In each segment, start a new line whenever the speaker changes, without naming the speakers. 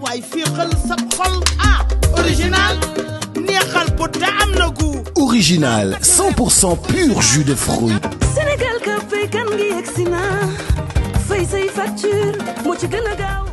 waaye féexal sab xol ah, original neexal bu te am na
original pur jus de fruits
Sénégal ka fay kan gi yegsi fay say facture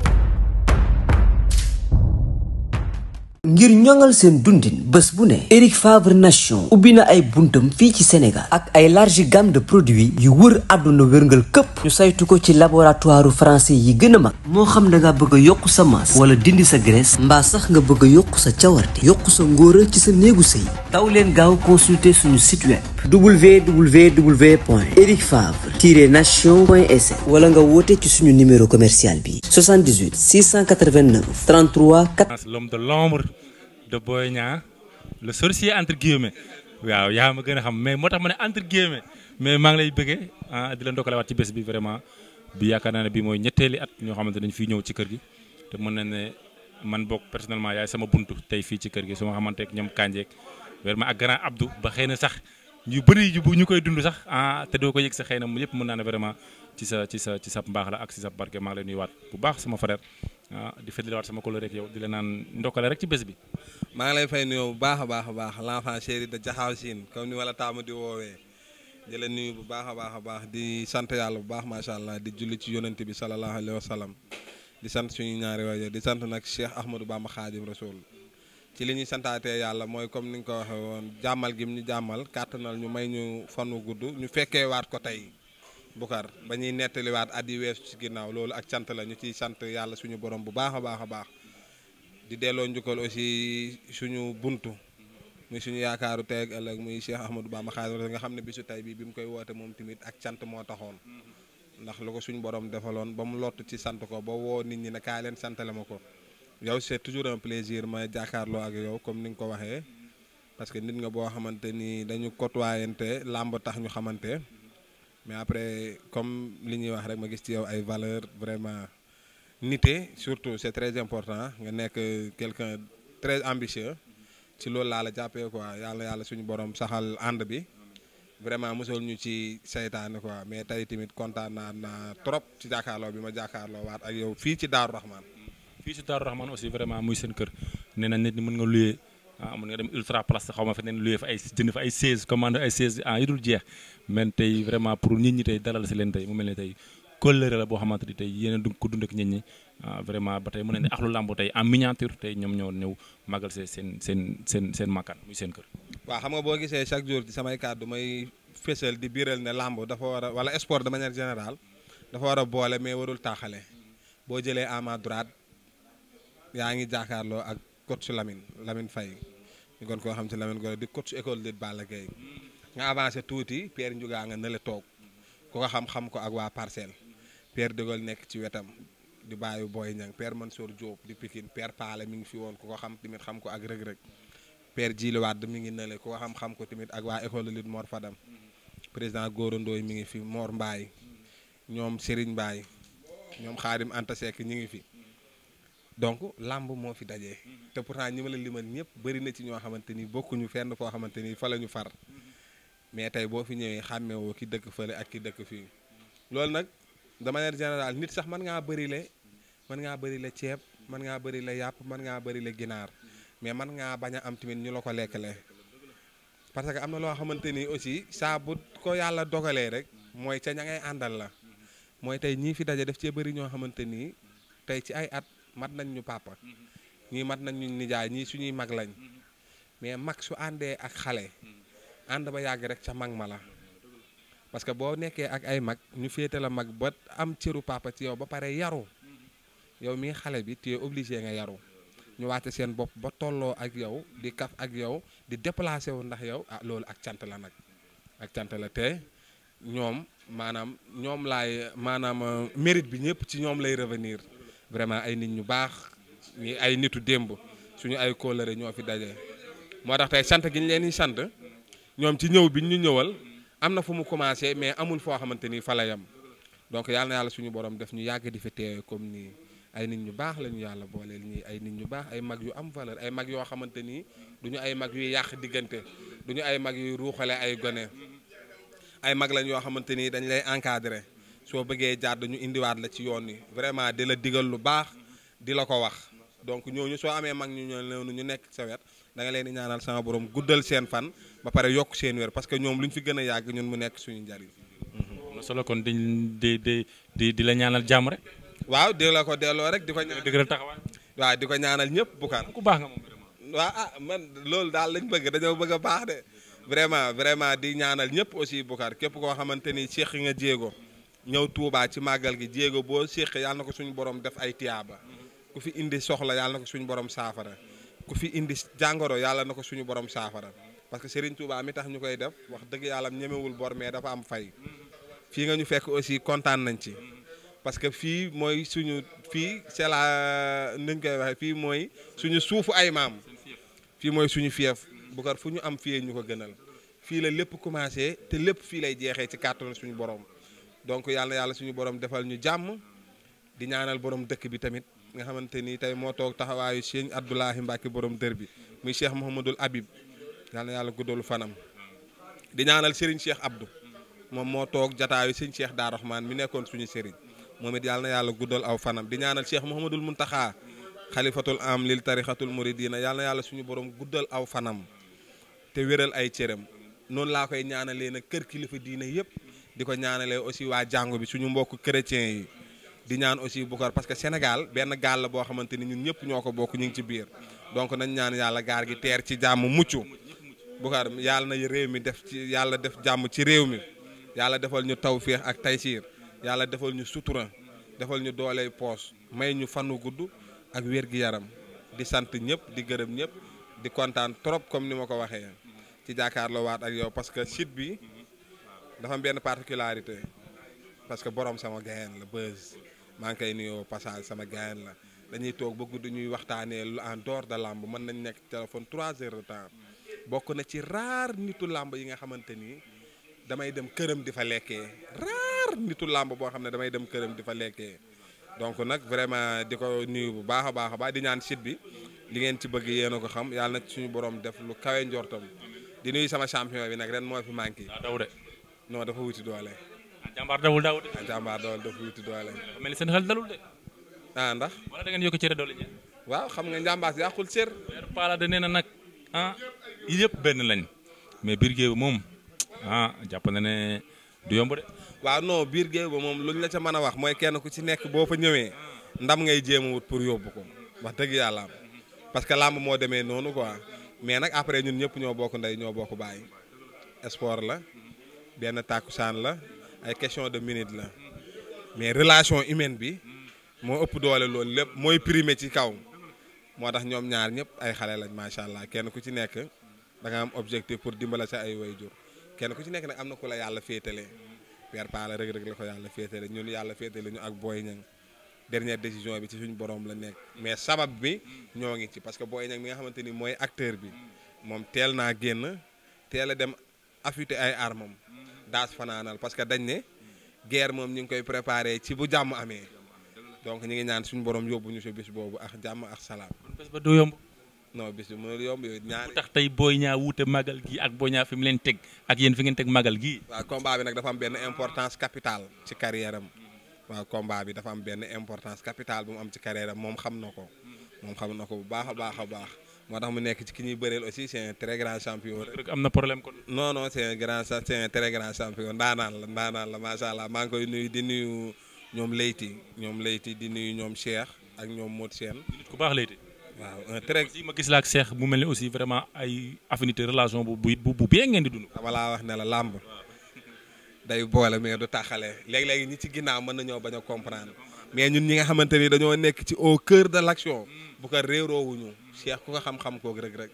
ngir ñoŋal seen dundin bés bu ne Eric Favre Nation ubbi na ay buntam fii ci Sénégal ak ay large gamme de produits yu wër àdduna wërngal këpp ñu saytu ko ci laboratoire français yi gën a mag moo xam na nga bëgg a yokk sa masse wala dindi sa graisse mba sax nga bëgg a yokk sa cawarte yokk sa ngóora ci sa néegu sëy taw leen gaaw consulter suñu site web www.ericfavre-nation.sn wala nga woote ci suñu numéro commercial bi 78 689 33
4 l'homme de Boy Niang le sorcier entre guillemets waaw yaa ma gën a xam mais moo tax ma ne entre guillemets mais maa ngi lay bëggee ah di la ndokkalewaat ci bés bi vraiment bi yaakaar mooy ñetteeli at ñoo xamante dañu fiy ñëw ci kër gi te mën na ne man bokk personnellement yaay sama bunt tey fii ci kër gi su ma xamanteek ñoom kànjeek vraiment ak grand Abdou ba xëy na sax ñu bëri bu ñu koy dund sax ah te doo ko yëg sa xëy na mu yëpp mën naa ne vraiment ci sa ci sa ci sa mbaax la ak ci sa barke maa ngi lay waat bu baax sama frère ah di
fëtliwaat sama kóllëre rek yow di la naan ndokkale rek ci bés bi. maa ngi lay fay nuyoo bu baax a baax a baax l'enfant chéri de Jaxaaw Siin comme ni wala taamu di woowee di la nuyu bu baax a baax a baax di sant yàlla bu baax macha allah di julli ci yonent bi sallallahu alayhi wa sallam di sant suñu ñaari waajur di sant nag Cheikh Ahmadou Bamba Xaadim Rasul ci li ñuy santaatee yàlla mooy comme ni nga ko waxee woon jàmmal gi mu ñu jàmmal kàttanal ñu may ñu fanu gudd ñu fekkee waat ko tey Boucar ba ñuy nettaliwaat at yi weesu ci ginnaaw loolu ak cant la ñu ciy sant yàlla suñu borom bu baax a baax a baax di delloo njukkal aussi suñu bunt mu suñu yaakaaru tey ak ëllëg muy Cheikh a Bamba Xaadimu nga xam bii bisu tey bi bi mu koy woote moom tamit ak cant moo taxoon ndax lu ko suñu borom defaloon ba mu lott ci sant ko ba woo nit ñi ne kaa leen santale ma ko yow c'est toujours un plaisir ma jàkkaarloo ak yow comme ni nga ko waxee parce que nit nga boo xamante ni dañu côtoyante làmb tax ñu xamante. mais après comme li ñuy wax rek ma gis ci yow ay valeur vraiment nité surtout c'est très important nga nekk quelqu'un très ambitieux ci loolu laa la jàppee quoi yàlla yàlla suñu borom saxal ànd bi vraiment mosul ñu ci saytaane quoi mais tey tamit kontaan naa naa trop ci jàkkaarloo bi ma jàkkaarloo waat ak yow fii ci Daaru Rahman. fii
ci Daaru Rahman aussi vraiment muy seen kër nee na nit ñi mën nga luyee ah mën nga dem ultra place xaw ma fi neen luye fa ay jënd fa ay seize commande ay seize ah yi dul jeex mais tey vraiment pour nit tey dalal si leen tey mu mel ne tey kóllëre la boo xamante ni tey yéen du ko dund ak nit ñi ah, vraiment ba tey mën nañu ne axlu làmb tey en miniature tey ñoom ñoo ñëw màggal see seen seen seen seen muy seen kër.
waa xam nga boo gisee chaque jour ci samay kàddu may fésal di biiral ne làmb dafa war a wala sport de manière générale dafa war a boole mais warul taaxale boo jëlee à ma droite yaa ngi jàkkaarloo ak. coach Lamine Lamine Faye ñu koo xam ci Lamine Golo di coach école de Balla Gaye nga avancé tuuti toog ko xam-xam ko ak waa parcelle Pierre Dégol nekk ci wetam di bàyyi Boy Niang per Mansour Diop di Pikine Pierre Paale mi ngi fi woon ku ko xam tamit xam ko ak rëg-rëg Pierre Djili Wade mi ngi nële ku ko xam-xam ko tamit ak waa école de lutte Fadam président Goro mi ngi fi Mor mbaay ñoom sëriñ Mbaye ñoom Xaadim Anta Seck ñi ngi fi donc làmb moo fi daje. te pourtant ñi ma la limal ñëpp bëri na ci ñoo xamante ni bokkuñu fenn foo xamante ni fa la ñu far mais tey boo fi ñëwee xàmmewoo ki dëkk fële ak ki dëkk fii loolu nag de manière générale nit sax mën ngaa bëri le mën ngaa bëri le ceeb mën ngaa bëri le yàpp mën ngaa bëri le ginaar mais man ngaa bañ a am tamit ñu la ko lekkale parce que am na loo xamante ni aussi saa bu ko yàlla dogalee rek mooy ca ña ngay àndal la mooy tey ñii fi daje def cee bëri ñoo xamante ni ci ay at. mat nañ ñu papa ñii mat nañ ñu nijaay ñii suñuy mag lañ mais mag su àndee ak xale ànd ba yàgg rek ca mag ma la parce que boo nekkee ak ay mag ñu féete la mag ba am cëru papa ci yow ba pare yaru yow mii xale bi tu es nga yaru ñu wàcce seen bopp ba tolloo ak yow di kaf ak yow di déplacé wu ndax yow ah loolu ak cant la nag ak cant la te ñoom maanaam ñoom laay maanaam mérite bi ñëpp ci ñoom lay revenir vraiment ay nit ñu baax ñu ay nitu démb suñu ay kóolare ñoo fi daje. moo tax tey sant gi ñu leen sant ñoom ci ñëw bi ñu ñëwal am na fu mu commencé mais amul foo xamante ni fa la yam donc yàlla na yàlla suñu borom def ñu yàgg di fi teewee comme nii ay nit ñu baax lañu yàlla booleel ñii ay nit ñu baax ay mag yu am valeur ay mag yoo xamante ni duñu ay mag yuy yàq diggante duñu ay mag yuy ruuxale ay gone ay mag lañ yoo xamante ni dañ lay encadrer. soo bëggee jaar ñu indiwaat la ci yoon yi vraiment di la diggal lu baax di la ko wax donc ñooñu soo amee mag ñu ñooñu ñu nekk sa wet da nga leen di ñaanal sama borom guddal seen fan ba pare yokk seen wér parce que ñoom lu ñu fi gën a yàgg ñun mu nekk suñu njariñ.
Mm-hmm. am solo kon di di di di la ñaanal jàmm rek.
waaw di la ko delloo rek di ko ñaanal dëgg taxawaay. waaw di ko ñaanal ñëpp bu ku baax nga moom vraiment. waaw ah man loolu daal lañ bëgg dañoo bëgg a baax de. vraiment vraiment di ñaanal ñëpp aussi Boucar képp koo xamante ni Cheikh nga jéego ñëw Touba ci màggal gi jéego boo séq yàlla na ko suñu borom def ay tiyaaba ku fi indi soxla yàlla na ko suñu borom saafara ku fi indi jàngoro yàlla na ko suñu borom saafara parce que Serigne Touba mi tax ñu koy def wax dëgg yàlla ñemewul bor mais dafa am fay fii nga ñu fekk aussi kontaan nañ ci parce que fii mooy suñu fii c'est la nuñ koy waxee fii mooy suñu suufu ay maam fii mooy suñu fief bu kar fu ñu am fii ñu ko gënal fii la lépp commencé te lépp fii lay jeexee ci kàttanu suñu borom. donc yàlla yàlla suñu borom defal ñu jàmm di ñaanal borom dëkk bi tamit nga xamante ni tey moo toog taxawaayu Cheikh Abdoulahi Mbacke boroom dër bi muy Cheikh Mouhamadul Habib yàlla na yàlla guddalu fanam di ñaanal Serigne Cheikh Abdou moom moo toog jataayu sëñ Cheikh Daa mi nekkoon suñu Serigne moom it yàlla yàlla guddal aw fanam di ñaanal Cheikh Mouhamadul Muntaxa xalifatul am lil tarixatul muridina yàlla yàlla suñu borom guddal aw fanam te wéral ay cëram noonu laa koy ñaana leen nag kër kilifa diine yëpp. di ko ñaanalee aussi waa jàngu bi suñu mbokk chrétien yi di ñaan aussi Boucar parce que Sénégal benn gaal la boo xamante ni ñun ñëpp ñoo ko bokk ñu ci biir donc nañ ñaan yàlla gaar gi teer ci jàmm mucc Boucar yàlla na réew mi def ci yàlla def jàmm ci réew mi yàlla defal ñu tawféex ak taysiir yàlla defal ñu sutura defal ñu dooley poos may ñu fanu gudd ak wér gi yaram di sant ñëpp di gërëm ñëpp di kontaan trop comme ni ma ko waxee ci jàkkaarloo waat ak parce que site bi dafa am benn particularité parce que borom sama gayeen la buzz maa ngi koy nuyoo passage sama gayeen la dañuy toog ba guddi ñuy waxtaanee en dehors de làmb mën nañ nekk téléphone trois heures de temps bokk na ci raar nitu làmb yi nga xamante ni damay dem këram di fa lekkee raar nitu làmb boo xam ne damay dem këram di fa lekkee donc nag vraiment di ko nuyu bu baax a baax a baax di ñaan site bi li ngeen ci bëgg yéen ko xam yàlla na suñu borom def lu kawe njortam di nuyu sama champion bi nag ren moo fi manqué. non dafa wuti doole. ah jàmbaar dawul daa wuti. ah jàmbaar dawul dafa wuti doole. mel ni seen ah, ndax. wala da ngeen yokk waaw xam nga njàmbaar si yàqul cër. weer
paala de na nag ah yëpp benn lañ
mais biir géew moom ah jàpp na ne du yomb waaw non biir géew ba moom luñ la ca mën a wax mooy kenn ku ci nekk boo fa ñëwee ndam ngay jéem wut pour yóbbu ko wax dëgg yàlla parce que làmb moo demee noonu quoi mais nag après ñun ñëpp ñoo bokk nday ñoo bokk bàyyi sport la. benn tàkkusaan la ay question de minute la mais relation humaine bi moo ëpp doole loolu lépp mooy primé ci kaw moo tax ñoom ñaar ñëpp ay xale lañ macha allah kenn ku ci nekk da nga am objectif pour dimbala sa ay wayjur kenn ku ci nekk nag am na ko la yàlla féetale Père Paa la rëg-rëg la ko yàlla féetale ñun yàlla féetale ñu ak Boy ñang dernière décision bi ci suñu borom la nekk mais sabab bi ñoo ngi ci parce que Boy Niang mi nga xamante ni mooy acteur bi moom teel naa génn teel a dem affûter ay armam daas fanaanal parce que dañ ne guerre moom ñu ngi koy préparé ci bu jàmm amee donc ñu ngi ñaan suñu borom yóbbu ñu si bis boobu ak jàmm ak salaam. bés ba du yomb. non bis bi mënul yomb yooyu ñaari. bu
tax tey Boy ñaar wuute magal gi ak Boy ñaar fi mu leen teg ak yéen fi ngeen teg magal gi
waaw combat bi nag dafa am benn importance capitale ci carrière am waaw bi dafa am benn importance capitale bu mu am ci carrière am moom xam na ko moom xam na ko bu baax a baax a baax. moo tax mu nekk ci ki ñuy bëreel aussi c' est un très grand champion. am na problème ko non non c' est un grand c' très grand champion ndaanaan la ndaanaan la macha allah maa koy nuyu di nuyu ñoom Leyti ñoom Leyti di nuyu ñoom Cheikh ak ñoom Modou Sène.
nit ku baax Leyti. waaw un très aussi ma gis la ak Cheikh mu mel ni aussi vraiment ay affinité relation bu bu bu
bu bien ngeen di dund. wala wax ne la làmb. day boole mais du taxale léeg-léeg ñi ci ginnaaw mën nañoo bañ a comprendre mais ñun ñi nga xamante ni dañoo nekk ci au cœur de l' bu ko réeroowuñu Cheikh ku ko xam-xam koog rek rek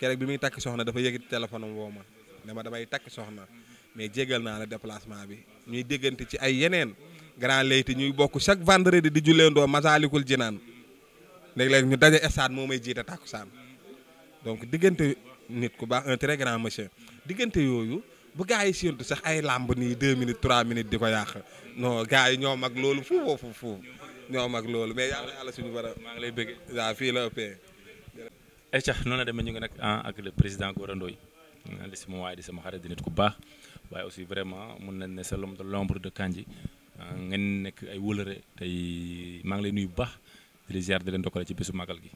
keroog bi muy takk soxna dafa yëgit téléphone am woo ma ne ma damay takk soxna mais jégal naa la déplacement bi ñuy déggante ci ay yeneen grand layti ñuy bokk chaque vendredi di julleendoo Masaalikul Jinaan léeg-léeg ñu daje estade moo may jiite tàkkusaan donc diggante nit ku baax un très grand monsieur diggante yooyu bu gars yi séentu sax ay làmb nii deux minutes trois minutes di ko yàq non gars yi ñoo mag loolu fuufoo fuuf fuuf ñoo mag loolu
Aïcha noonu la demee ñu ngi nag ah, ak le président Gora Ndoye li sama waaye di sama xarit di nit ku baax waaye aussi vraiment mun nañ ne c'est l'homme de l'ombre de Kandji ah, ngeen nekk ay wëlëre tey maa ngi lay bu baax di la ziar di leen dokkale ci bésu màggal gi.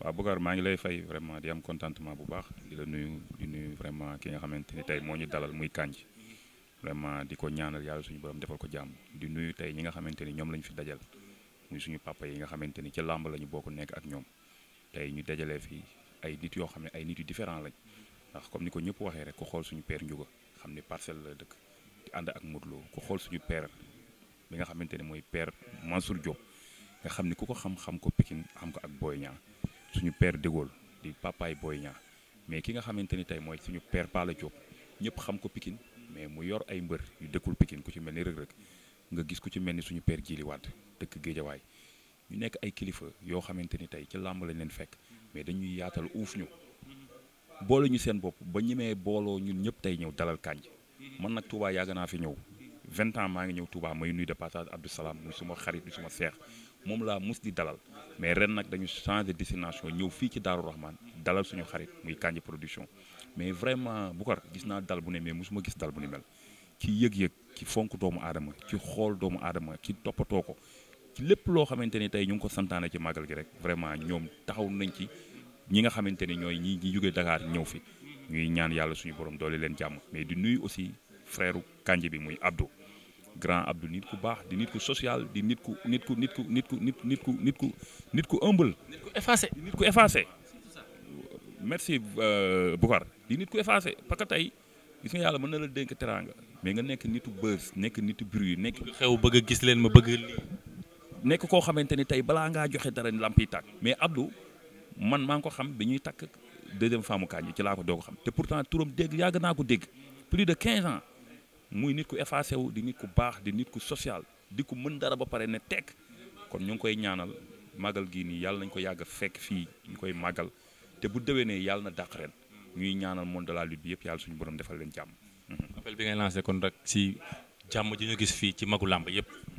waaw Boucar maa ngi lay fay vraiment di am contentement bu baax di la nuyu di
nuyu vraiment ki nga xamante ni tey moo ñu dalal muy Kandji vraiment di ko ñaanal yàlla suñu borom defal ko jàmm di nuyu tey ñi nga xamante ni ñoom la fi dajal muy suñu papa yi nga xamante ni ci làmb la ñu bokk nekk ak ñoom. tey ñu dajalee fii ay nit yoo xam ne ay nit yu différent lañ ndax comme ni ko ñëpp waxee rek ku xool suñu père Ndiouga xam ni parcelle la dëkk di ànd ak Modou Lo ku xool suñu père bi nga xamante ne mooy père Mansour Diop nga xam ne ku ko xam-xam ko Pikine xam ko ak Boy Niang suñu père Dégol di papaay Boy Niang mais ki nga xamante ni tey mooy suñu père Pala Diop ñëpp xam ko Pikine mais mu yor ay mbër yu dëkkul Pikine ku ci mel ni rëg-rëg nga gis ku ci mel ni suñu père Djili Wade dëkk Géejawaay ñu nekk ay kilifa yoo xamante ni tey ci làmb lañ leen fekk mais dañuy yaatal uuf ñu boole ñu seen bopp ba ñemee booloo ñun ñëpp tey ñëw dalal kànj man nag Touba yàgg naa fi ñëw vingt ans maa ngi ñëw Touba may nuy de passage Abdou Salam muy suma xarit di suma moom laa mus di dalal mais ren nag dañu changé destination ñëw fii ci Daaru Rahman dalal suñu xarit muy Kandji production mais vraiment bu kar gis naa dal bu ne mais mosuma gis dal bu ne mel ci yëg-yëg ci fonk doomu aadama ci xool doomu aadama ci toppatoo ko ci lépp loo xamante ni tey ñu ngi ko santaane ci màggal gi rek vraiment ñoom taxaw nañ ci ñi nga xamante ni ñooy ñi ñi jógee Dakar ñëw fi ñuy ñaan yàlla suñu borom doole leen jàmm mais di nuy aussi frère Kandji bi muy Abdou grand Abdou nit ku baax di nit ku social di nit ku nit ku nit ku nit ku nit nit ku nit ku nit ku humble. nit
ku
effacé nit ku effacé.
merci euh, Boucar di nit ku effacé parce que tey gis nga yàlla mën na la dénk teraanga mais nga nekk nitu bës nekk nitu bruit nekk. xew bëgg gis leen ma bëgg nekk koo xamante ni tey balaa ngaa joxe dara ni lampi tàkk mais Abdou man maa ngi ko xam bi ñuy takk deuxième femme Kandji ci laa ko doog xam te pourtant turam dégg yàgg naa ko dégg plus de 15 ans muy nit ku effacé wu di nit ku baax di nit ku social di ku mën dara ba pare ne tekk kon ñu ngi koy ñaanal màggal gii nii yàlla nañ ko yàgg fekk fii ñu koy màggal te bu dewee déwénee yàlla na dàq ren ñuy ñaanal monde de la lutte bi yëpp yàlla suñu borom defal leen jàmm.
appel bi kon rek ci jàmm ji ñu gis fii
ci magu làmb yëpp.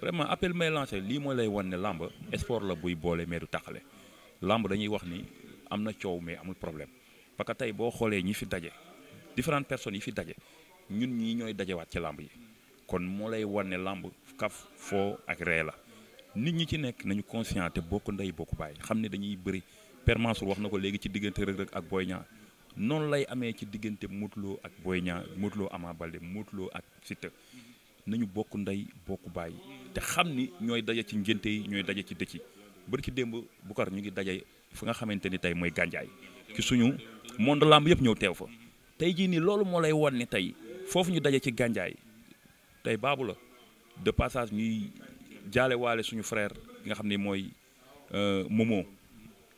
vraiment appel may lancé lii mooy lay wan ne làmb sport la buy boole mais du taxale làmb dañuy wax ni am na coow mais amul problème parce que tey boo xoolee ñi fi daje différentes personnes yi fi daje ñun ñii ñooy dajewaat ci làmb yi kon moo lay wan ne làmb kaf foo ak ree la nit ñi ci nekk nañu conscient te bokk ndey bokk baay xam ne dañuy bëri permanence wax na ko léegi ci diggante Reug Reug ak Boy Niang noonu lay amee ci diggante Modou ak Boy Niang Modou Lo Ama Baldé Modou Lo ak nañu bokk ndey bokk baay te xam ni ñooy daje ci ngénte yi ñooy daje ci dëkk yi bari ci démb Boucar ñu ngi daje fi nga xamante ni tey mooy gànjaay ci suñu monde làmb yëpp ñëw teew fa tey jii nii loolu moo lay wan ni tey foofu ñu daje ci gànjaay tey baabu la de passage ñuy jaale waale suñu frère nga xam ni mooy euh, Momo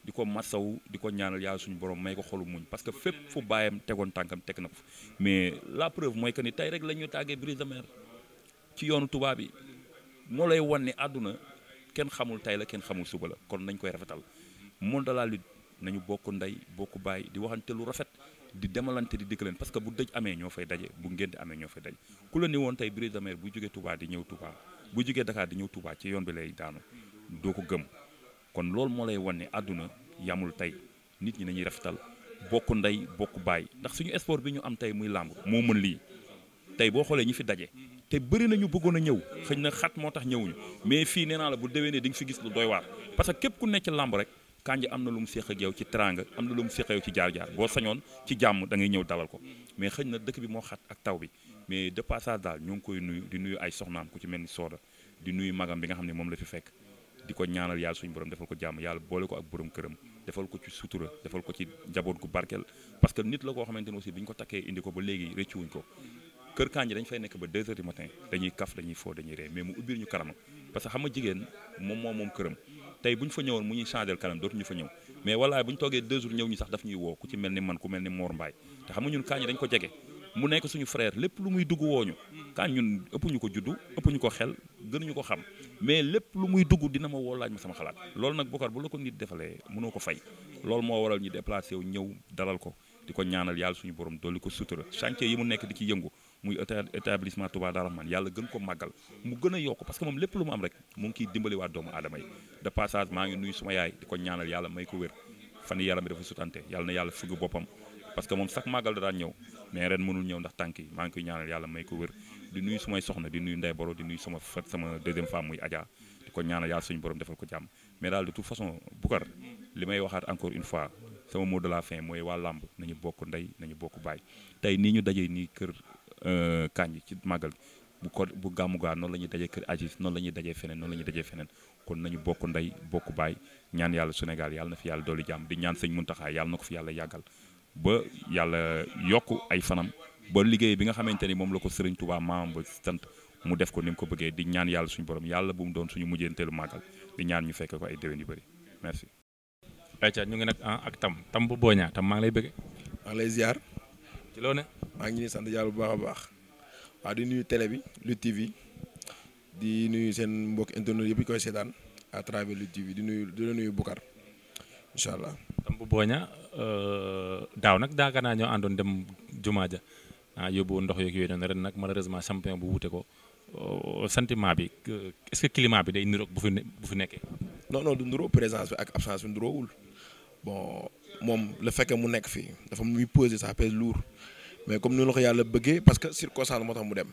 di ko masaw di ko ñaanal yàlla suñu borom may ko xolu muñ parce que fépp fu baayam tegoon tànkam teg na ko mais la preuve mooy que ni tey rek la ñuy tàggee brise de ci yoonu tubaab yi moo lay wan ne àdduna kenn xamul tey la kenn xamul suba la kon nañ koy rafetal monde de la lutte nañu bokk ndey bokk baay di waxante lu rafet di demalante di dikk leen parce que bu dëj amee ñoo fay daje bu ngénte amee ñoo fay daje ku la ni woon tey Brise de Mer bu jógee Touba di ñëw Touba bu jógee Dakar di ñëw Touba ci yoon bi lay daanu doo ko gëm kon loolu moo lay wan ne àdduna yamul tey nit ñi nañuy rafetal bokk ndey bokk baay ndax suñu sport bi ñu am tey muy làmb moo mën lii tey boo xoolee ñi fi daje te bëri nañu bëggoon a ñëw xëy na xat moo tax ñëwuñu mais fii nee naa la bu déwénee di nga fi gis lu doy waar parce que képp ku nekk ci rek Kandji am na lu mu séq ak yow ci teraanga am na lu mu ci jaar-jaar boo sañoon ci jàmm da ngay ñëw dalal ko mais xëy na dëkk bi moo xat ak taw bi mais de daal ñoo ngi koy nuyu di nuyu ay soxnaam ku ci mel ni sooda di nuyu magam bi nga xam ne moom la fi fekk di ko ñaanal yàlla suñu borom defal ko jàmm yàlla boole ko ak borom këram defal ko ci sutura defal ko ci njaboot gu barkeel parce que nit la koo xamante ne aussi bi ñu ko takkee indi ko ba léegi rëccuwuñ ko kër Kandji dañ fay nekk ba 2 heures du matin dañuy kaf dañuy foo dañuy ree mais mu ubbil ñu kanamam parce que xam a jigéen moom moom moom këram tey bu ñu fa ñëwoon mu ñuy changé kanam dootuñu fa ñëw mais walaay bu ñu toogee 2 jours ñëw ñu sax daf ñuy woo ku ci mel ni man ku mel ni moor Mbaay te xam nga ñun Kandji dañ ko jege mu nekk suñu frère lépp lu muy dugg wooñu Kandji ñun ëpp ñu ko juddu ëpp ñu ko xel gënuñu ko xam mais lépp lu muy dugg dina ma woo laaj ma sama xalaat loolu nag Bokar bu la ko defalee mënoo ko fay loolu moo waral ñu déplacé wu ñëw dalal ko di ko ñaanal suñu borom dolli ko sutura chantier yi mu nekk di ci yëngu muy établissement Touba Darou Rahmane yàlla gën ko màggal mu gën a yokk parce que moom lépp lu mu am rek mu ngi kiy dimbali waa doomu aadama yi de passage maa ngi nuyu suma yaay di ko ñaanal yàlla may ko na yàlla fëgg parce que moom sax màggal da daan ñëw mais ren mënul ñëw ndax tànk yi maa ngi koy ñaanal yàlla may ko wér di nuyu sumay nuyu Ndey Boro di nuyu sama fat sama deuxième femme muy Adja ko ñaanal yàlla borom defal ko jàmm mais daal de toute façon Boucar li may waxaat encore une fois sama mot de la fin mooy waa làmb nañu bokk ndey nañu bokk baay tey nii ñu dajee nii kër Euh, kanji ci màggal bu ko bu gàmmu gaa noonu la ñuy dajee kër Aziz noonu la ñuy dajee feneen noonu la ñuy dajee feneen kon nañu bokk ndey bokk baay ñaan yàlla Sénégal yàlla na fi yàlla dolli jàmm di ñaan sëñ Muntaxa yàlla na ko fi yàlla yàggal ba yàlla yokk ay fanam ba liggéey bi nga xamante ni moom la ko Sëriñ Tuubaa maam ba sant mu def ko ni mu ko bëggee di ñaan yàlla suñu borom yàlla bu mu doon suñu mujjeenteelu màggal di ñaan ñu fekk ko ay déwén yu bëri
merci. ñu ngi nag ah, ak tam tam bu booñaa tam maa ngi lay bëgg. maa ngi ci loo ne.
maa ngi leen sant yàlla bu baax a baax waaw di nuyu télé bi Lutte TV di nuyu seen mbokk internet yëpp ñu koy seetaan à travers Lutte TV di nuyu di la nuyu Boucar incha allah.
tam bu booña euh, daaw nag daaka naa ñoo àndoon dem jumaa ja ah yóbbu ndox yeeg yooyu noonu ren nag malheureusement champion bu wute ko euh, santiment bi euh, est-ce climat bi day niroog bu fi bu fi nekkee.
non non du niroo présence bi ak absence bi niroowul bon. moom la fekkee mu nekk fii dafa muy peser sa pèse lourd mais comme ni la ko yàlla bëggee parce que circonstance moo tax mu dem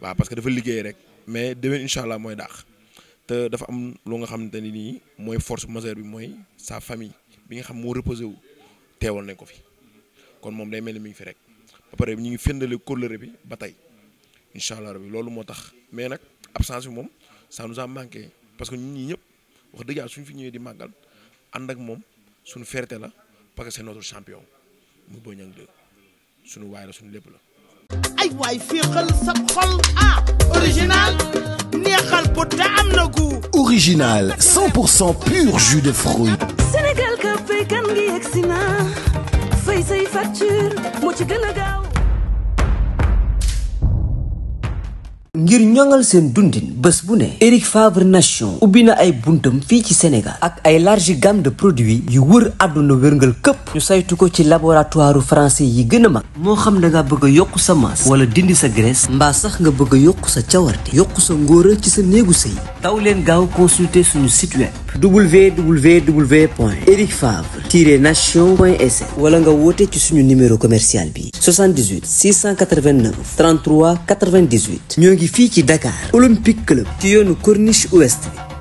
waaw parce que dafa liggéey rek mais déwén incha allah mooy daax te dafa am lu nga xamante ni nii mooy force majeure bi mooy sa famille bi nga xam moo reposé wu teewal nañ ko fi kon moom day mel ni mi ngi fi rek ba bi ñu ngi firndale kóllëre bi ba tey incha allah rabi loolu moo tax mais nag absence bi moom ça nous a manqué parce que ñii ñëpp wax dëgg suñu fi ñëwee di màggal ànd ak moom. suñu fierté la parce que c'est notre champion mu Boy Niang 2 suñu waay la suñu lépp la
ay waay fii xal sa xol ah original neexal bu te na gu
original pur jus de
fruits Sénégal ka fay kan ngi yegsi na fay say facture moo ci gën a gaaw ngir ñoŋal seen dundin bés bu ne Eric Favre Nation ubbi na ay buntam fii ci Sénégal ak ay large gamme de produits yu wër àdduna wërngal këpp ñu saytu ko ci laboratoire français yi gën a mag moo xam da nga bëgg a yokk sa masse wala dindi sa graisse mbaa sax nga bëgg a yokk sa cawarte yokk sa ngóora ci sa néegu sëy taw leen gaaw consulter suñu site web www.ericfavre-nation.sn wala nga woote ci suñu numéro commercial bi 78 689 33 98 ngi fii ci Dakar Olympique Club ci yoonu corniche ouest bi